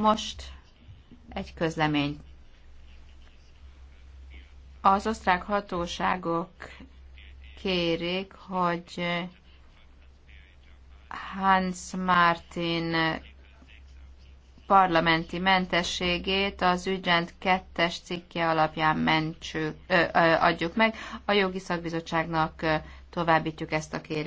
Most egy közlemény. Az osztrák hatóságok kérik, hogy Hans Martin parlamenti mentességét az ügyrend kettes cikke alapján mentsük, ö, ö, adjuk meg. A jogi szakbizottságnak továbbítjuk ezt a kérést.